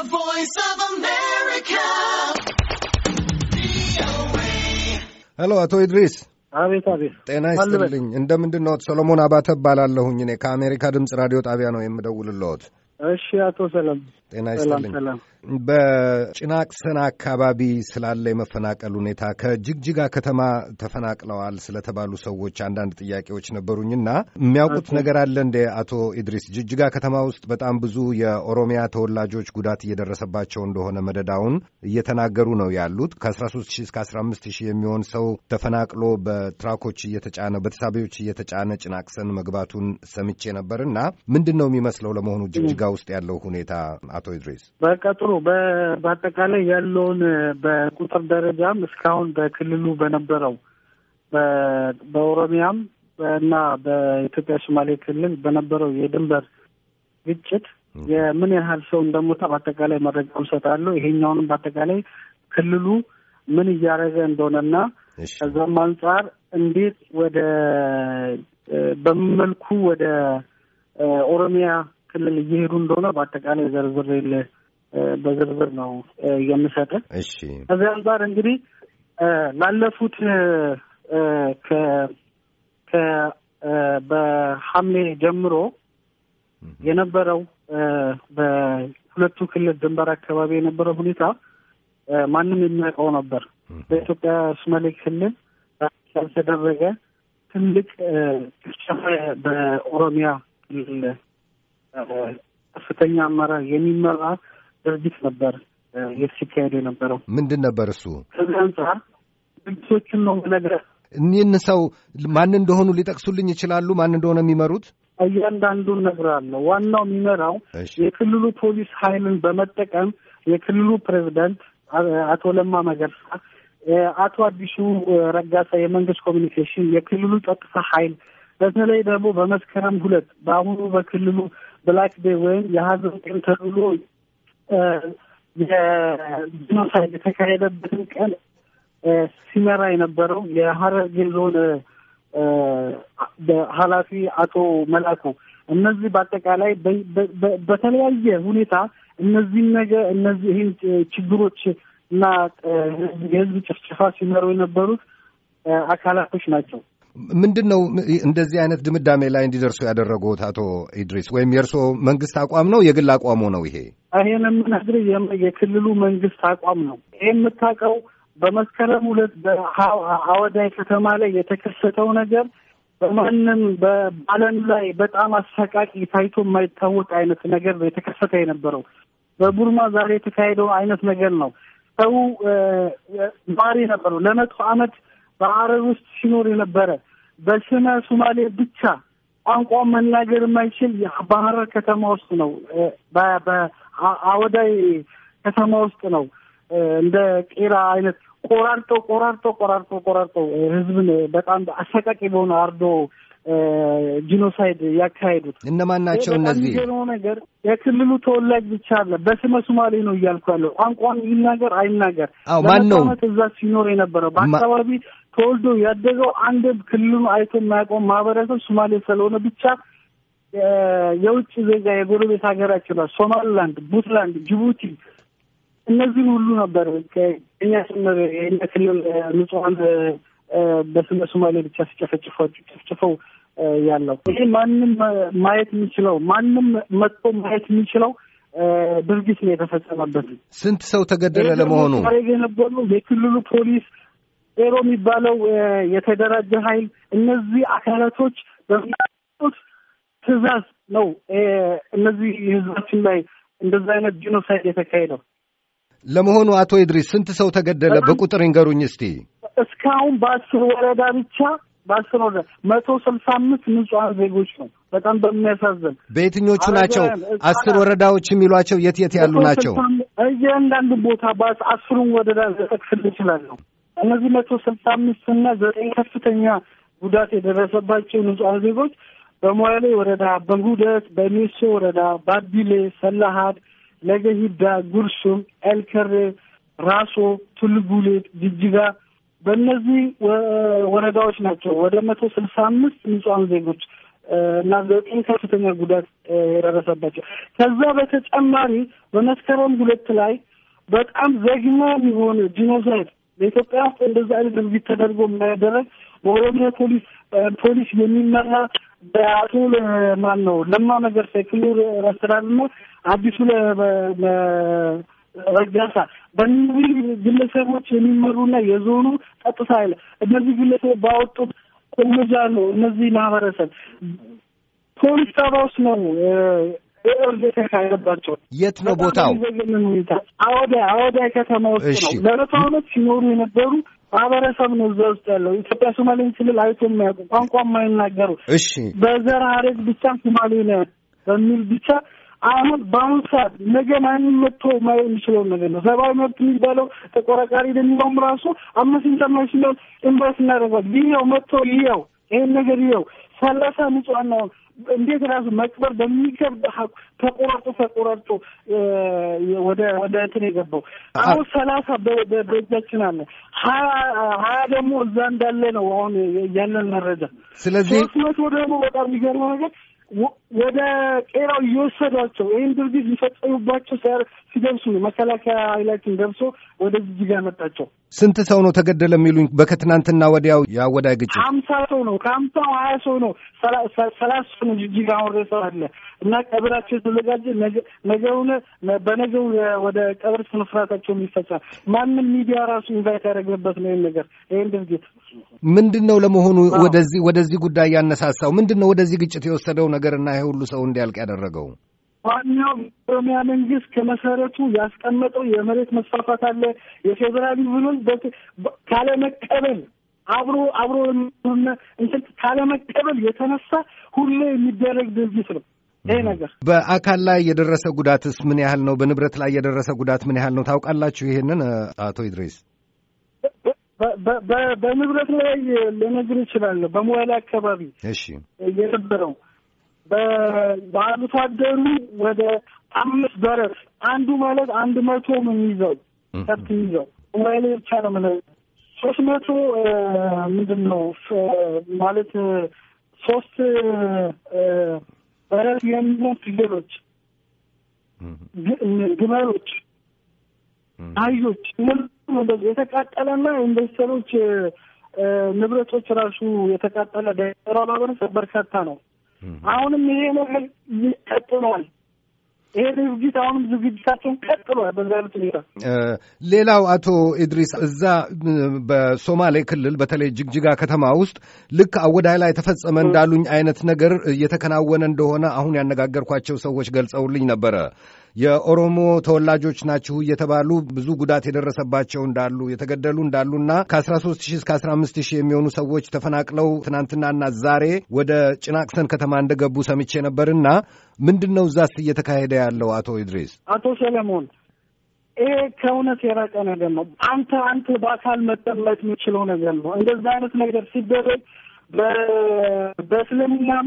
The Voice of America. ሄሎ አቶ ኢድሪስ አቤት አቤት፣ ጤና ይስጥልኝ። እንደምንድን ነዎት? ሰሎሞን አባተ እባላለሁኝ። እኔ ከአሜሪካ ድምፅ ራዲዮ ጣቢያ ነው የምደውልልዎት። እሺ አቶ ሰለም። ጤና ይስጥልኝ። በጭናቅሰን አካባቢ ስላለ የመፈናቀል ሁኔታ ከጅግጅጋ ከተማ ተፈናቅለዋል ስለተባሉ ሰዎች አንዳንድ ጥያቄዎች ነበሩኝና የሚያውቁት ነገር አለ እንደ አቶ ኢድሪስ ጅግጅጋ ከተማ ውስጥ በጣም ብዙ የኦሮሚያ ተወላጆች ጉዳት እየደረሰባቸው እንደሆነ መደዳውን እየተናገሩ ነው ያሉት። ከ13 ሺህ እስከ 15 ሺህ የሚሆን ሰው ተፈናቅሎ በትራኮች እየተጫነ በተሳቢዎች እየተጫነ ጭናቅሰን መግባቱን ሰምቼ ነበርና ምንድን ነው የሚመስለው ለመሆኑ ጅግጅጋ ውስጥ ያለው ሁኔታ አቶ ኢድሪስ? በቃ ጥሩ በአጠቃላይ ያለውን በቁጥር ደረጃም እስካሁን በክልሉ በነበረው በኦሮሚያም እና በኢትዮጵያ ሶማሌ ክልል በነበረው የድንበር ግጭት የምን ያህል ሰው እንደሞተ በአጠቃላይ መረጃውን እሰጣለሁ። ይሄኛውንም በአጠቃላይ ክልሉ ምን እያደረገ እንደሆነና ከዛም አንጻር እንዴት ወደ በምን መልኩ ወደ ኦሮሚያ ክልል እየሄዱ እንደሆነ በአጠቃላይ ዘርዝሬልህ በዝርዝር ነው የምሰጥህ። እሺ ከዚህ አንጻር እንግዲህ ላለፉት በሐምሌ ጀምሮ የነበረው በሁለቱ ክልል ድንበር አካባቢ የነበረው ሁኔታ ማንም የሚያውቀው ነበር። በኢትዮጵያ ሶማሌ ክልል ያልተደረገ ትልቅ ጭፍጨፋ በኦሮሚያ ክልል ከፍተኛ አመራር የሚመራ ድርጅት ነበር ሲካሄዱ የነበረው። ምንድን ነበር እሱ? ከዚህ አንጻር ድርጅቶችን ነው ነግረህ እኒህን ሰው ማን እንደሆኑ ሊጠቅሱልኝ ይችላሉ? ማን እንደሆነ የሚመሩት? እያንዳንዱን እነግርሃለሁ። ዋናው የሚመራው የክልሉ ፖሊስ ኃይልን በመጠቀም የክልሉ ፕሬዚደንት አቶ ለማ መገርሳ፣ አቶ አዲሱ ረጋሳ የመንግስት ኮሚኒኬሽን፣ የክልሉ ጸጥታ ኃይል በተለይ ደግሞ በመስከረም ሁለት በአሁኑ በክልሉ ብላክ ዴይ ወይም የሀዘን ቀን ተብሎ የጄኖሳይድ የተካሄደበትን ቀን ሲመራ የነበረው የሀረርጌ ዞን ኃላፊ አቶ መላኩ እነዚህ በአጠቃላይ በተለያየ ሁኔታ እነዚህን ነገ እነዚህ ይህን ችግሮች እና የህዝብ ጭፍጭፋ ሲመሩ የነበሩት አካላቶች ናቸው። ምንድን ነው እንደዚህ አይነት ድምዳሜ ላይ እንዲደርሱ ያደረጉት አቶ ኢድሪስ ወይም የእርስዎ መንግስት አቋም ነው የግል አቋሙ ነው? ይሄ ይህን የምነግርህ የክልሉ መንግስት አቋም ነው። ይህ የምታውቀው በመስከረም ሁለት በአወዳይ ከተማ ላይ የተከሰተው ነገር በማንም በዓለም ላይ በጣም አሰቃቂ ታይቶ የማይታወቅ አይነት ነገር የተከሰተ የነበረው በቡርማ ዛሬ የተካሄደው አይነት ነገር ነው። ሰው ማሪ ነበረው ለመቶ ዓመት በአረብ ውስጥ ሲኖር የነበረ በስነ ሱማሌ ብቻ ቋንቋ መናገር የማይችል በሀረር ከተማ ውስጥ ነው፣ በአወዳይ ከተማ ውስጥ ነው። እንደ ቄራ አይነት ቆራርጦ ቆራርጦ ቆራርጦ ቆራርጦ ህዝብን በጣም አሰቃቂ በሆነ አርዶ ጂኖሳይድ ያካሄዱት እነማን ናቸው? እነዚህ ነው ነገር የክልሉ ተወላጅ ብቻ አለ። በስመ ሱማሌ ነው እያልኩ ያለው ቋንቋን ይናገር አይናገር። አዎ ማን ነው እዛ ሲኖር የነበረው በአካባቢ ተወልዶ ያደገው አንድ ክልሉን አይቶ የማያውቀው ማህበረሰብ ሱማሌ ስለሆነ ብቻ የውጭ ዜጋ የጎረቤት ሀገራችን ሶማሊላንድ፣ ቡትላንድ፣ ጅቡቲ እነዚህን ሁሉ ነበር እኛ ጭምር የእኛ ክልል በስመ ሱማሌ ብቻ ሲጨፈጭፏቸው ጭፍጭፈው ያለው። ይሄ ማንም ማየት የሚችለው ማንም መጥቶ ማየት የሚችለው ድርጊት ነው የተፈጸመበት። ስንት ሰው ተገደለ? ለመሆኑ የነበሩ የክልሉ ፖሊስ ኤሮ የሚባለው የተደራጀ ኃይል እነዚህ አካላቶች በሚያጡት ትእዛዝ ነው እነዚህ ህዝባችን ላይ እንደዚህ አይነት ጂኖሳይድ የተካሄደው። ለመሆኑ አቶ ኢድሪስ ስንት ሰው ተገደለ? በቁጥር ይንገሩኝ እስቲ። እስካሁን በአስር ወረዳ ብቻ ባልሰኖ መቶ ስልሳ አምስት ንጹሐን ዜጎች ነው። በጣም በሚያሳዝን በየትኞቹ ናቸው አስር ወረዳዎች የሚሏቸው የት የት ያሉ ናቸው? እያንዳንዱ ቦታ አስሩን ወረዳ ጠቅስል እችላለሁ። እነዚህ መቶ ስልሳ አምስት እና ዘጠኝ ከፍተኛ ጉዳት የደረሰባቸው ንጹሐን ዜጎች በሞያሌ ወረዳ፣ በጉደት በሜሶ ወረዳ፣ ባቢሌ፣ ሰላሀድ፣ ለገሂዳ፣ ጉርሱም፣ ኤልከሬ፣ ራሶ፣ ቱልጉሌት፣ ጅጅጋ በእነዚህ አደጋዎች ናቸው። ወደ መቶ ስልሳ አምስት ንጹሐን ዜጎች እና ዘጠኝ ከፍተኛ ጉዳት የደረሰባቸው። ከዛ በተጨማሪ በመስከረም ሁለት ላይ በጣም ዘግናኝ የሆነ ጂኖሳይድ በኢትዮጵያ ውስጥ እንደዚ አይነት ድርጊት ተደርጎ የማያደረግ በኦሮሚያ ፖሊስ ፖሊስ የሚመራ በአቶ ማን ነው ለማ ነገር ሳይክሉ ክሉር ና አዲሱ ረጋሳ በእነዚህ ግለሰቦች የሚመሩና የዞኑ ጸጥታ ኃይል እነዚህ ግለሰቦች ባወጡት እርምጃ ነው እነዚህ ማህበረሰብ ፖሊስ ጣባ ውስጥ ነው ያለባቸው። የት ነው ቦታው? አወዳ አወዳ ከተማ ውስጥ ነው። ለመቶ ዓመት ሲኖሩ የነበሩ ማህበረሰብ ነው እዛ ውስጥ ያለው። ኢትዮጵያ ሶማሌን ክልል አይቶ የሚያውቁ ቋንቋ የማይናገሩ እሺ፣ በዘር ሀረግ ብቻ ሶማሌ ነው በሚል ብቻ አሁን በአሁኑ ሰዓት ነገ ማንም መጥቶ ማየ የሚችለውን ነገር ነው። ሰብአዊ መብት የሚባለው ተቆረቃሪ የሚለውም ራሱ አምነስቲ ኢንተርናሽናል ኢንቨስት እናደርጋል። ይኸው መጥቶ ይኸው ይህን ነገር ይኸው ሰላሳ ንጹሐን ነው እንዴት ራሱ መቅበር በሚገባ ተቆራርጦ ተቆራርጦ ወደ ወደ እንትን የገባው አሁን ሰላሳ በእጃችን አለ ሀያ ደግሞ እዛ እንዳለ ነው አሁን ያለን መረጃ። ስለዚህ ሶስት መቶ ደግሞ በጣም የሚገርመው ነገር ወደ ቄራው እየወሰዷቸው ይህን ድርጊት ሊፈጸሙባቸው ሲደርሱ መከላከያ ኃይላችን ደርሶ ወደ ጅጅጋ መጣቸው። ስንት ሰው ነው ተገደለ የሚሉኝ? በከትናንትና ወዲያው የአወዳይ ግጭት ሀምሳ ሰው ነው ከሀምሳው ሀያ ሰው ነው ሰላሳ ሰው ነው ጅጅጋ ወረ ሰው አለ እና ቀብራቸው የተዘጋጀ ነገውን በነገው ወደ ቀብር ስነስርዓታቸው ይፈጻል። ማንም ሚዲያ ራሱ ኢንቫይት ያደረግንበት ነው ይህን ነገር ይህን ድርጊት ምንድን ነው ለመሆኑ ወደዚህ ወደዚህ ጉዳይ ያነሳሳው ምንድን ነው? ወደዚህ ግጭት የወሰደው ነገርና ይሄ ሁሉ ሰው እንዲያልቅ ያደረገው ዋናው ኦሮሚያ መንግስት ከመሰረቱ ያስቀመጠው የመሬት መስፋፋት አለ የፌዴራሊዝምን ካለመቀበል አብሮ አብሮ እንትን ካለመቀበል የተነሳ ሁሌ የሚደረግ ድርጊት ነው። ይሄ ነገር በአካል ላይ የደረሰ ጉዳትስ ምን ያህል ነው? በንብረት ላይ የደረሰ ጉዳት ምን ያህል ነው? ታውቃላችሁ ይሄንን አቶ ኢድሪስ? በንብረት ላይ ልነግር ይችላለሁ። በሞያሌ አካባቢ የነበረው በአርብቶ አደሩ ወደ አምስት በረት አንዱ ማለት አንድ መቶ የሚይዘው ከብት ይዘው ሞያሌ ብቻ ነው ምን ሶስት መቶ ምንድን ነው ማለት ሶስት በረት የሚሆን ፍየሎች፣ ግመሎች፣ አህዮች የተቃጠለና ኢንቨስተሮች ንብረቶች ራሱ የተቃጠለ ደራ ማህበረሰብ በርካታ ነው። አሁንም ይሄ ነገር ይቀጥሏል። ይሄ ድርጅት አሁንም ዝግጅታቸውን ቀጥሏል። በዛ አይነት ሁኔታ ሌላው አቶ ኢድሪስ እዛ በሶማሌ ክልል በተለይ ጅግጅጋ ከተማ ውስጥ ልክ አወዳይ ላይ ተፈጸመ እንዳሉኝ አይነት ነገር እየተከናወነ እንደሆነ አሁን ያነጋገርኳቸው ሰዎች ገልጸውልኝ ነበረ። የኦሮሞ ተወላጆች ናችሁ እየተባሉ ብዙ ጉዳት የደረሰባቸው እንዳሉ የተገደሉ እንዳሉና ከ13 ሺህ እስከ 15 ሺህ የሚሆኑ ሰዎች ተፈናቅለው ትናንትናና ዛሬ ወደ ጭናቅሰን ከተማ እንደገቡ ሰምቼ ነበርና ምንድን ነው እዛስ እየተካሄደ ያለው? አቶ ኢድሪስ አቶ ሰለሞን ይሄ ከእውነት የራቀ ነገር ነው። አንተ አንተ በአካል መጠመቅ የሚችለው ነገር ነው። እንደዛ አይነት ነገር ሲደረግ በእስልምናም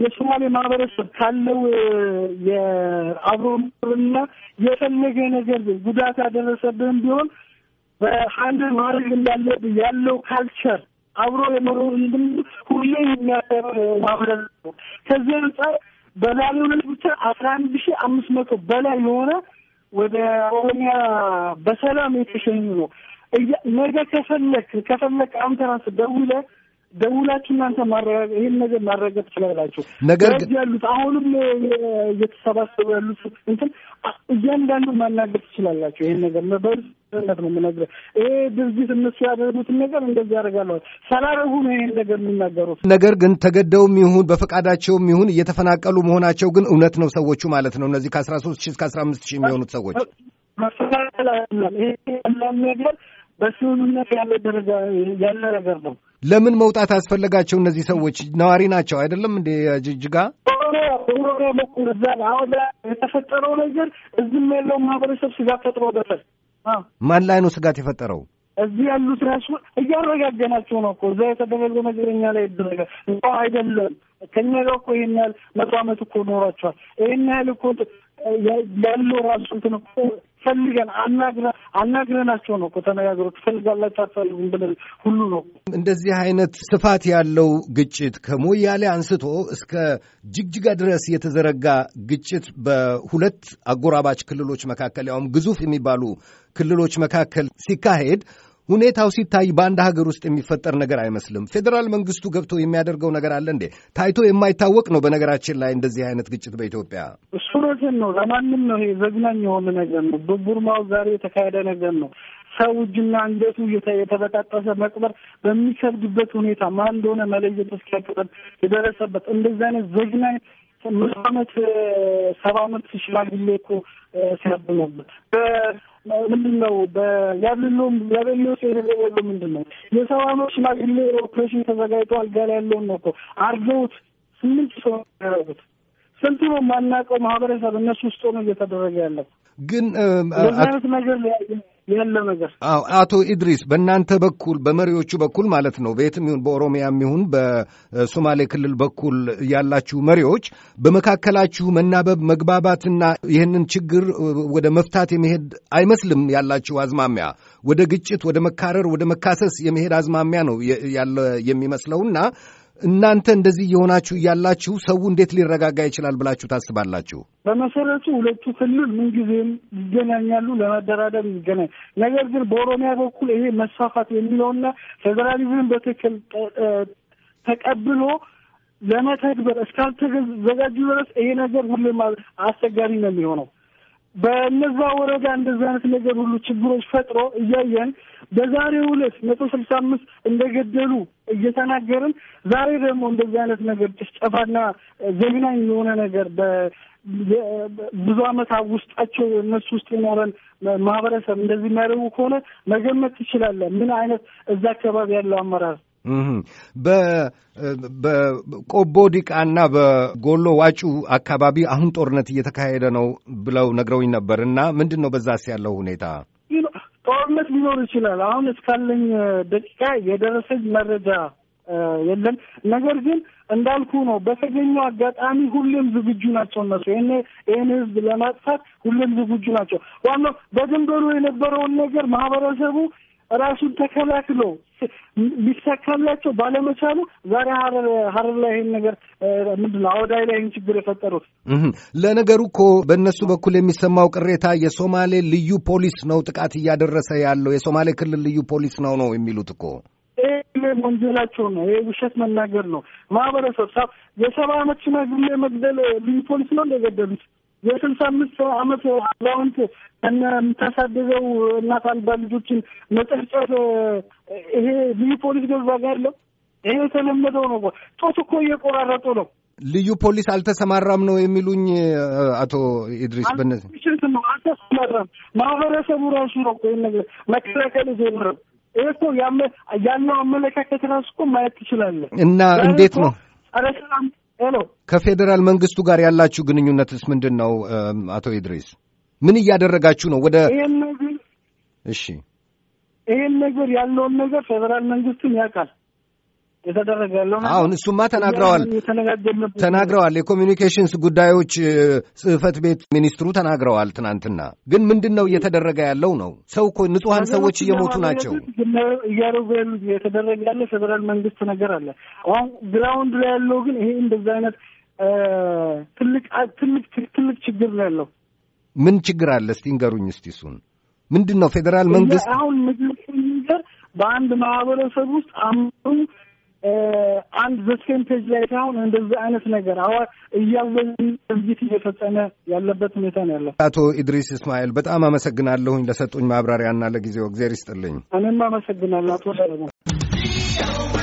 የሶማሌ ማህበረሰብ ካለው የአብሮ ምርና የፈለገ ነገር ጉዳት ያደረሰብህም ቢሆን በአንድ ማድረግ እንዳለብህ ያለው ካልቸር አብሮ የኖረ እንድም ሁሌ የሚያደር ማህበረሰብ ነው። ከዚህ አንጻር በዛሬው ዕለት ብቻ አስራ አንድ ሺህ አምስት መቶ በላይ የሆነ ወደ ኦሮሚያ በሰላም የተሸኙ ነው። ነገ ከፈለክ ከፈለክ አንተ ራስህ ደውለህ ደውላችሁ እናንተ ይህን ነገር ማረጋገጥ ትችላላችሁ። ነገር ግን ያሉት አሁንም እየተሰባሰቡ ያሉት እንትን እያንዳንዱ ማናገር ትችላላችሁ። ይህን ነገር በነት ነው የምነግርህ። ይሄ ድርጅት እነሱ ያደረጉትን ነገር እንደዚህ ያደርጋለሁ ሳላረጉ ነው ይህን ነገር የሚናገሩት። ነገር ግን ተገደውም ይሁን በፈቃዳቸውም ይሁን እየተፈናቀሉ መሆናቸው ግን እውነት ነው። ሰዎቹ ማለት ነው እነዚህ ከአስራ ሶስት ሺህ እስከ አስራ አምስት ሺህ የሚሆኑት ሰዎች መፈናቀል ይሄ ነገር በስምምነት ያለ ደረጃ ያለ ነገር ነው። ለምን መውጣት አስፈለጋቸው? እነዚህ ሰዎች ነዋሪ ናቸው አይደለም እንዴ? ጅጅጋ ኦሮሚያ በኩል አሁን የተፈጠረው ነገር እዚህም ያለው ማህበረሰብ ስጋት ፈጥሮ ደረስ። ማን ላይ ነው ስጋት የፈጠረው? እዚህ ያሉት ራሱ እያረጋገናቸው ነው እኮ እዛ የተደረገ ነገር እኛ ላይ ይደረገ እኮ አይደለም። ከኛ ጋር እኮ ይህን ያህል መቶ አመት እኮ ኖሯቸዋል። ይህን ያህል እኮ ያለው ራሱ እንትን እኮ ፈልገን አናግረ አናግረናቸው ነው ከተነጋገሩ ተነጋግሮ ትፈልጋላችሁ አትፈልጉም ብለን ሁሉ ነው። እንደዚህ አይነት ስፋት ያለው ግጭት ከሞያሌ አንስቶ እስከ ጅግጅጋ ድረስ የተዘረጋ ግጭት በሁለት አጎራባች ክልሎች መካከል ያውም ግዙፍ የሚባሉ ክልሎች መካከል ሲካሄድ ሁኔታው ሲታይ በአንድ ሀገር ውስጥ የሚፈጠር ነገር አይመስልም። ፌዴራል መንግስቱ ገብቶ የሚያደርገው ነገር አለ እንዴ? ታይቶ የማይታወቅ ነው። በነገራችን ላይ እንደዚህ አይነት ግጭት በኢትዮጵያ እሱ እውነቴን ነው። ለማንም ነው ይሄ ዘግናኝ የሆነ ነገር ነው። በቡርማው ዛሬ የተካሄደ ነገር ነው። ሰው እጅና አንገቱ የተበጣጠሰ መቅበር በሚከብድበት ሁኔታ ማን እንደሆነ መለየት እስኪያቅበት የደረሰበት እንደዚህ አይነት ዘግናኝ መቶ አመት ሰባ አመት ሽማግሌ እኮ ሲያብኖበት ምንድን ነው ያብልሎም ያበለው የደረበሉ ምንድን ነው? የሰባ አመት ሽማግሌ ኦፕሬሽን ተዘጋጅቶ አልጋ ላይ ያለውን ነው እኮ አርገውት ስምንት ሰው ያደረጉት ስንቱ ነው የማናውቀው ማህበረሰብ እነሱ ውስጥ ሆኖ እየተደረገ ያለው ግን በዚህ አይነት ነገር ያለ ነገር። አዎ አቶ ኢድሪስ በእናንተ በኩል በመሪዎቹ በኩል ማለት ነው በየትም ይሁን በኦሮሚያም ይሁን በሶማሌ ክልል በኩል ያላችሁ መሪዎች በመካከላችሁ መናበብ፣ መግባባትና ይህንን ችግር ወደ መፍታት የመሄድ አይመስልም ያላችሁ አዝማሚያ ወደ ግጭት፣ ወደ መካረር፣ ወደ መካሰስ የመሄድ አዝማሚያ ነው ያለ የሚመስለውና እናንተ እንደዚህ እየሆናችሁ እያላችሁ ሰው እንዴት ሊረጋጋ ይችላል ብላችሁ ታስባላችሁ? በመሰረቱ ሁለቱ ክልል ምንጊዜም ይገናኛሉ፣ ለመደራደር ይገናኝ። ነገር ግን በኦሮሚያ በኩል ይሄ መስፋፋት የሚለውና ፌዴራሊዝም በትክክል ተቀብሎ ለመተግበር እስካልተዘጋጁ ድረስ ይሄ ነገር ሁሌም አስቸጋሪ ነው የሚሆነው። በነዛ ወረዳ እንደዚህ አይነት ነገር ሁሉ ችግሮች ፈጥሮ እያየን በዛሬ ሁለት መቶ ስልሳ አምስት እንደገደሉ እየተናገርን ዛሬ ደግሞ እንደዚህ አይነት ነገር ጭፍጨፋና ዘግናኝ የሆነ ነገር ብዙ ዓመታት ውስጣቸው እነሱ ውስጥ የኖረን ማህበረሰብ እንደዚህ የሚያደርጉ ከሆነ መገመት ትችላለህ። ምን አይነት እዛ አካባቢ ያለው አመራር በቆቦ ዲቃና በጎሎ ዋጩ አካባቢ አሁን ጦርነት እየተካሄደ ነው ብለው ነግረውኝ ነበር እና ምንድን ነው በዛስ ያለው ሁኔታ? ጦርነት ሊኖር ይችላል። አሁን እስካለኝ ደቂቃ የደረሰኝ መረጃ የለም። ነገር ግን እንዳልኩ ነው፣ በተገኙ አጋጣሚ ሁሌም ዝግጁ ናቸው እነሱ። ይሄ ይህን ህዝብ ለማጥፋት ሁሌም ዝግጁ ናቸው። ዋናው በድንበሩ የነበረውን ነገር ማህበረሰቡ ራሱን ተከላክሎ ሊሳካላቸው ባለመቻሉ ዛሬ ሀረር ላይ ይህን ነገር ምንድነው አወዳይ ላይ ይህን ችግር የፈጠሩት። ለነገሩ እኮ በእነሱ በኩል የሚሰማው ቅሬታ የሶማሌ ልዩ ፖሊስ ነው ጥቃት እያደረሰ ያለው የሶማሌ ክልል ልዩ ፖሊስ ነው ነው የሚሉት እኮ ወንጀላቸው ነው። ይሄ ውሸት መናገር ነው። ማህበረሰብ የሰባ አመት ሽማግሌ መግደል ልዩ ፖሊስ ነው እንደገደሉት የስልሳ አምስት አመት አዛውንት የምታሳድገው እናት አልባ ልጆችን መጨፍጨፍ ይሄ ልዩ ፖሊስ ገዛ ጋር ያለው ይሄ የተለመደው ነው። ጦት እኮ እየቆራረጡ ነው። ልዩ ፖሊስ አልተሰማራም ነው የሚሉኝ አቶ ኢድሪስ። በነዚህ አልተሰማራም ማህበረሰቡ ራሱ ነው ይህን ነገር መከላከል ጀምረው። ይህ እኮ ያለው አመለካከት ራሱ እኮ ማየት ትችላለህ። እና እንዴት ነው ጸረ ሄሎ፣ ከፌዴራል መንግስቱ ጋር ያላችሁ ግንኙነትስ ምንድን ነው? አቶ ኢድሪስ ምን እያደረጋችሁ ነው? ወደ እሺ፣ ይህን ነገር ያለውን ነገር ፌዴራል መንግስቱም ያውቃል። የተደረገ ያለው አሁን እሱማ ተናግረዋል ተናግረዋል። የኮሚኒኬሽንስ ጉዳዮች ጽህፈት ቤት ሚኒስትሩ ተናግረዋል ትናንትና። ግን ምንድን ነው እየተደረገ ያለው ነው? ሰው እኮ ንጹሐን ሰዎች እየሞቱ ናቸው እያደረጉ ያሉት እየተደረገ ያለ ፌደራል መንግስት ነገር አለ። አሁን ግራውንድ ላይ ያለው ግን ይሄ እንደዛ አይነት ትልቅ ትልቅ ትልቅ ችግር ነው ያለው። ምን ችግር አለ? እስቲ ንገሩኝ። እስቲ እሱን ምንድን ነው ፌዴራል መንግስት አሁን ነገር በአንድ ማህበረሰብ ውስጥ አምሩ አንድ ዘሴም ፔጅ ላይ ሳይሆን እንደዚህ አይነት ነገር አዋ እያዘን ድርጊት እየፈጸመ ያለበት ሁኔታ ነው ያለው። አቶ ኢድሪስ እስማኤል በጣም አመሰግናለሁኝ ለሰጡኝ ማብራሪያና ለጊዜው እግዜር ይስጥልኝ። እኔም አመሰግናለሁ አቶ ሰለሞን።